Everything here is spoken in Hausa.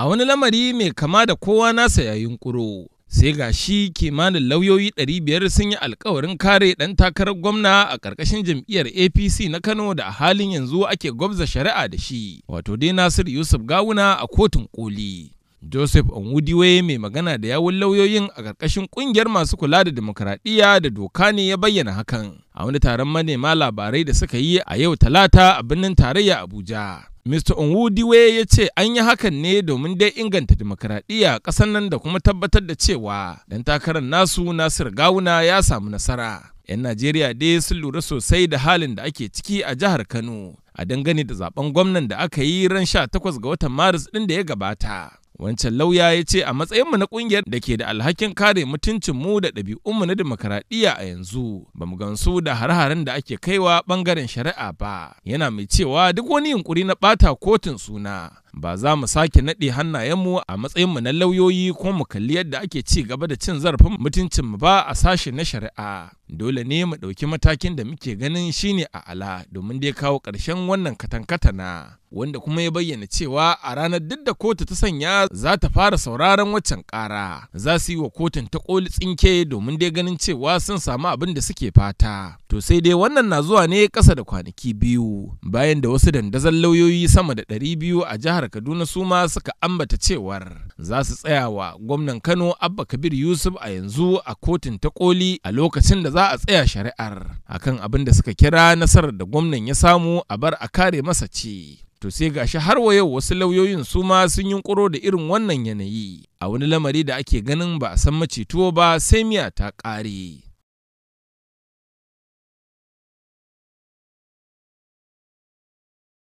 a wani lamari mai kama da kowa nasa ya kuro sai ga shi kimanin lauyoyi 500 sun yi alkawarin kare ɗan takarar gwamna a ƙarƙashin jam'iyyar apc na kano da a halin yanzu ake gwabza shari'a da shi wato dai nasir yusuf gawuna a kotun koli Joseph Onwudiwe mai magana da yawun lauyoyin a ƙarƙashin ƙungiyar masu kula da demokuraɗiyya da doka ne ya bayyana hakan a wani taron manema labarai da suka yi a yau talata a birnin tarayya Abuja. Mr. Onwudiwe ya ce an yi hakan ne domin dai inganta demokradiyya ƙasar nan da kuma tabbatar da cewa dan takarar nasu Nasir Gawuna ya samu nasara. 'Yan Najeriya dai sun lura sosai da halin da ake ciki a jihar Kano a dangane da zaben gwamnan da aka yi ran sha takwas ga watan Maris ɗin da ya gabata. wancan lauya ya ce a matsayinmu na kungiyar da ke da alhakin kare mutuncinmu da ɗabi'unmu na demokaradiyya a yanzu ba mu gansu da har-haren da ake kaiwa ɓangaren shari'a ba yana mai cewa duk wani yunkuri na ɓata kotun suna ba za mu sake naɗe hannayenmu a matsayinmu na lauyoyi ko mu kalli yadda ake ci gaba da cin zarafin mutuncinmu ba a sashe na shari'a dole ne mu ɗauki matakin da muke ganin shine a ala domin dai kawo ƙarshen wannan katankatana wanda kuma ya bayyana cewa a ranar duk da kotu ta sanya za ta fara sauraron waccan ƙara za su yi wa kotun ta ƙoli tsinke domin dai ganin cewa sun samu abin da suke fata to sai dai wannan na zuwa ne ƙasa da kwanaki biyu bayan da wasu dandazon lauyoyi sama da ɗari biyu a jihar kaduna su ma suka ambata cewar za su tsaya wa gwamnan kano abba kabir yusuf a yanzu a kotun ta ƙoli a lokacin da za za a tsaya shari'ar akan abin da suka kira nasarar da gwamnan ya samu a bar a kare masa ce. To sai gashi har wa yau wasu lauyoyin su ma sun yi kuro da irin wannan yanayi a wani lamari da ake ganin ba a san tuwo ba sai miya ta ƙare.